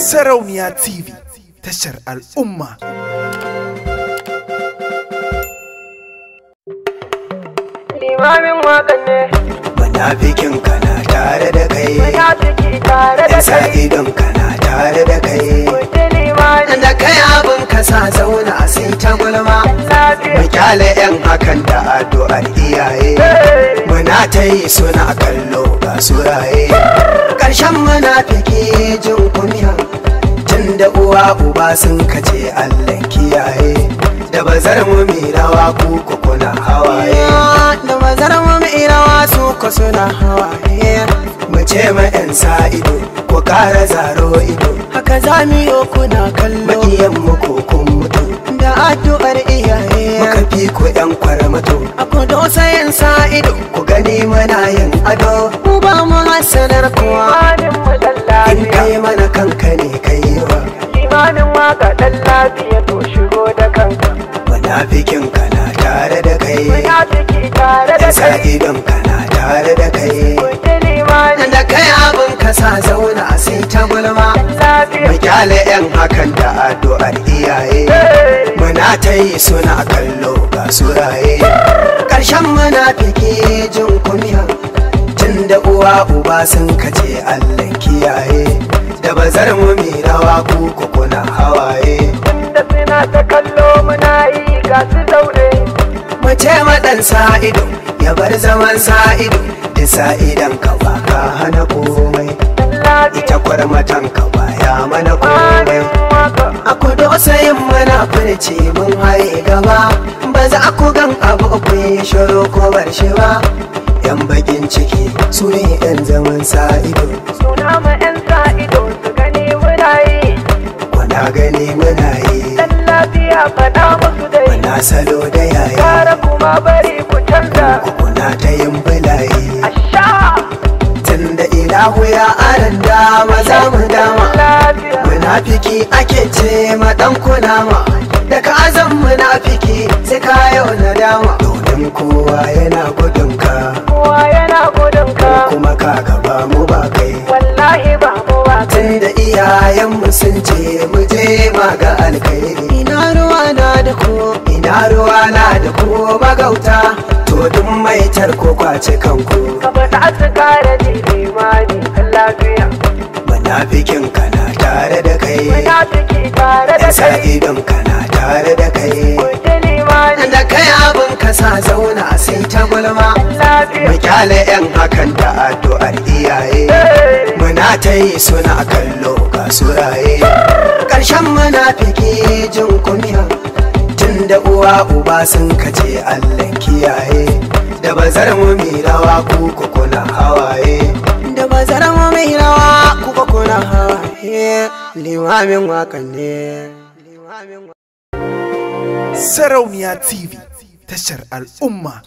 Sarauniya TV tashar al'umma. Limamin wakan Bana kana tare da kai. Bana tare da kai. idon kana tare da kai. Da kai abin ka sa zauna sai ta gulma. Mu yan hakan da addu'ar iyaye. Muna ta yi suna kallo ba suraye. Ƙarshen munafiki jin kunya. da uwa uba sun kace Allah kiyaye da bazar mu mirawa ku kuna hawaye da bazar mu mirawa su ko suna hawaye mu ma yan sa ido ku kara zaro ido haka za mu yi kuna kallo makiyan mu ko kun mutu da addu'ar iyaye muka fi ku yan kwarmato a kudo sayan sa ido ku gani mana yin ado Ku ba mu hasanar kuwa. munafikin kana tare da kai yasa idon kana tare da kai da kai abin sa zauna sai ta gulma mu kyale yan hakan da addu'ar iyaye muna ta suna kallo ga suraye karshen munafiki jin kunya. tun da uwa uba sun kace allah kiyaye da bazar mu mai rawa ku kuna hawaye da suna ta kallo muna yi ga su daure mace maɗan sa'ido ya bar zaman sa'ido da sa'idan ka ba ka hana komai ita kwarmatan ka ba ya mana komai a kudu sayin mana furci mun haye gaba ba za ku gan abu ku yi shiru ko bar shi ba yan bakin ciki su ne yan zaman sa'ido suna ma yan sa'ido su gani muna yi kuna gani muna yi dan lafiya faɗa musu da salo da yayi gara kuma bari ku canza kuna ta yin asha tunda ilahu ya aran dama za mu dama munafiki ake ce ma dan kunama daga azan munafiki sai ka yau na dama domin kowa yana gudun ka kowa yana gudun ka kuma ka ba mu ba kai wallahi ba mu ba kai tunda iyayenmu sun ce mu je ma ga alkhairi ina ruwa na da ku aruwa na da ku magauta to duk mai tarko kwace kanku ka faɗa su kare ni imani lafiya munafikin kana tare da kai munafiki tare da kai idan kana tare da kai da kai abin ka sa zauna sai ta gulma mu kyale yan hakan da addu'ar iyaye muna ta yi suna kallo ka suraye ƙarshen munafiki jin kunya da uwa uba sun kace Allah kiyaye da bazar mu mai rawa ku na hawaye da bazar mu mai rawa ku na hawaye limamin wakan ne Sarauniya TV tashar al'umma